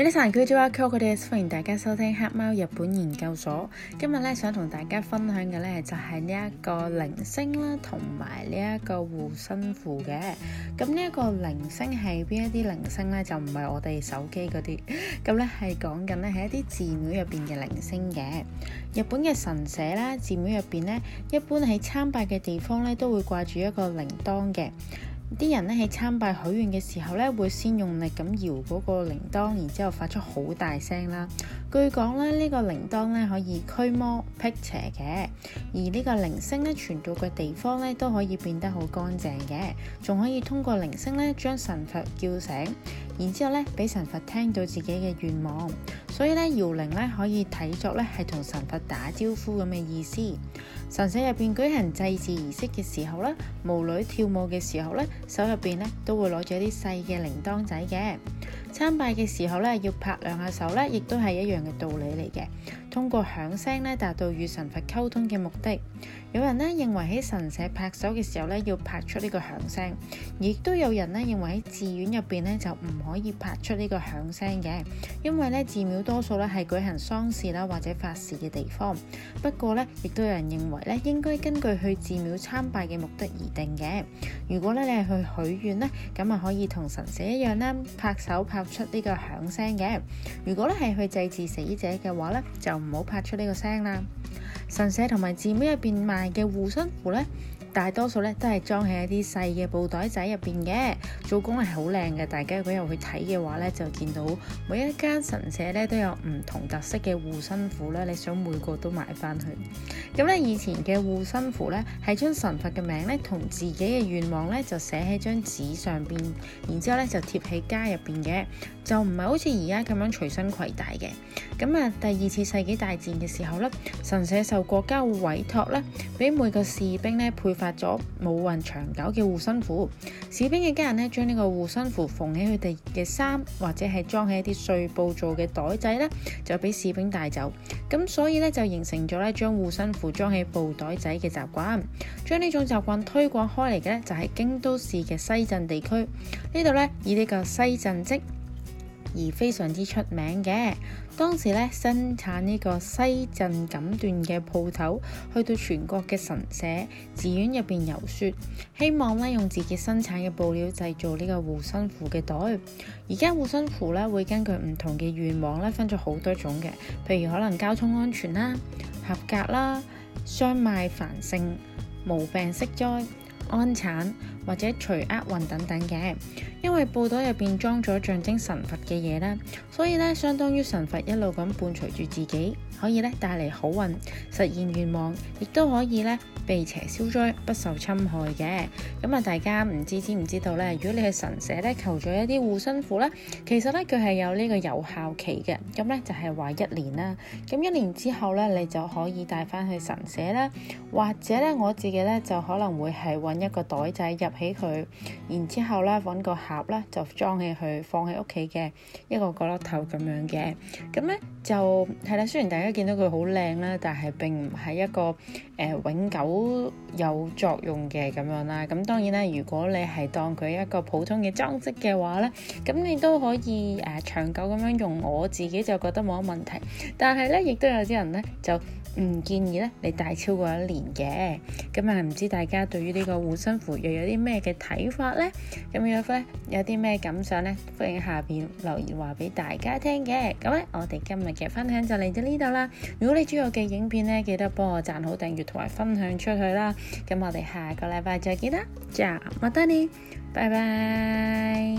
每週一曲，朝晚 call 我哋，歡迎大家收聽黑貓日本研究所。今日咧想同大家分享嘅咧就係呢一個鈴聲啦，同埋呢一個護身符嘅。咁、嗯這個、呢一個鈴聲係邊一啲鈴聲咧？就唔係我哋手機嗰啲，咁咧係講緊咧喺一啲寺廟入邊嘅鈴聲嘅。日本嘅神社啦，寺廟入邊咧，一般喺參拜嘅地方咧都會掛住一個鈴鐺嘅。啲人咧喺參拜許願嘅時候咧，會先用力咁搖嗰個鈴鐺，然之後發出好大聲啦。據講咧，呢個鈴鐺咧可以驅魔辟邪嘅，而呢個鈴聲咧傳到嘅地方咧都可以變得好乾淨嘅，仲可以通過鈴聲咧將神佛叫醒，然之後咧俾神佛聽到自己嘅願望。所以咧，搖鈴咧可以睇作咧係同神佛打招呼咁嘅意思。神社入邊舉行祭祀儀式嘅時候咧，巫女跳舞嘅時候咧，手入邊咧都會攞住一啲細嘅鈴鐺仔嘅。參拜嘅時候咧，要拍兩下手咧，亦都係一樣嘅道理嚟嘅。通過響聲咧，達到與神佛溝通嘅目的。有人咧認為喺神社拍手嘅時候咧，要拍出呢個響聲，亦都有人咧認為喺寺院入邊咧就唔可以拍出呢個響聲嘅，因為呢寺廟多數咧係舉行喪事啦或者法事嘅地方。不過呢，亦都有人認為咧應該根據去寺廟參拜嘅目的而定嘅。如果咧你係去許願呢，咁啊可以同神社一樣呢拍手拍出呢個響聲嘅。如果咧係去祭祀死者嘅話呢，就唔好拍出呢個聲啦！神社同埋寺廟入邊賣嘅護身符呢，大多數呢都係裝喺一啲細嘅布袋仔入邊嘅，做工係好靚嘅。大家如果入去睇嘅話呢，就見到每一間神社呢都有唔同特色嘅護身符啦。你想每個都買翻去？咁呢，以前嘅護身符呢，係將神佛嘅名呢同自己嘅願望呢就寫喺張紙上邊，然之後呢就貼喺家入邊嘅。就唔係好似而家咁樣隨身攜帶嘅。咁啊，第二次世界大戰嘅時候呢，神社受國家委託呢，俾每個士兵咧，配發咗武運長久嘅護身符。士兵嘅家人呢，將呢個護身符縫喺佢哋嘅衫，或者係裝喺一啲碎布做嘅袋仔呢就俾士兵帶走。咁所以呢，就形成咗咧，將護身符裝喺布袋仔嘅習慣。將呢種習慣推廣開嚟嘅呢，就係、是、京都市嘅西鎮地區呢度呢，以呢個西鎮即。而非常之出名嘅，當時咧生產呢個西鎮錦緞嘅鋪頭，去到全國嘅神社、寺院入邊遊說，希望咧用自己生產嘅布料製造呢個護身符嘅袋。而家護身符咧會根據唔同嘅願望咧分咗好多種嘅，譬如可能交通安全啦、合格啦、商賣繁盛、無病息災。安產或者除厄運等等嘅，因為布袋入邊裝咗象徵神佛嘅嘢啦，所以咧相當於神佛一路咁伴隨住自己，可以咧帶嚟好運、實現願望，亦都可以咧避邪消災、不受侵害嘅。咁、嗯、啊，大家唔知知唔知道咧？如果你去神社咧求咗一啲護身符咧，其實咧佢係有呢個有效期嘅，咁咧就係話一年啦。咁一年之後咧，你就可以帶翻去神社啦，或者咧我自己咧就可能會係一個袋仔入起佢，然之後咧揾個盒咧就裝起佢，放喺屋企嘅一個角落頭咁樣嘅。咁咧就係啦，雖然大家見到佢好靚啦，但係並唔係一個誒、呃、永久有作用嘅咁樣啦。咁當然啦，如果你係當佢一個普通嘅裝飾嘅話咧，咁你都可以誒、呃、長久咁樣用。我自己就覺得冇乜問題，但係咧亦都有啲人咧就。唔建議咧，你帶超過一年嘅咁啊！唔知大家對於呢個護身符又有啲咩嘅睇法呢？咁如果咧有啲咩感想呢？歡迎下邊留言話俾大家聽嘅。咁咧，我哋今日嘅分享就嚟到呢度啦。如果你中意我嘅影片呢，記得幫我讚好、訂閱同埋分享出去啦。咁我哋下個禮拜再見啦，就麥當尼，拜拜。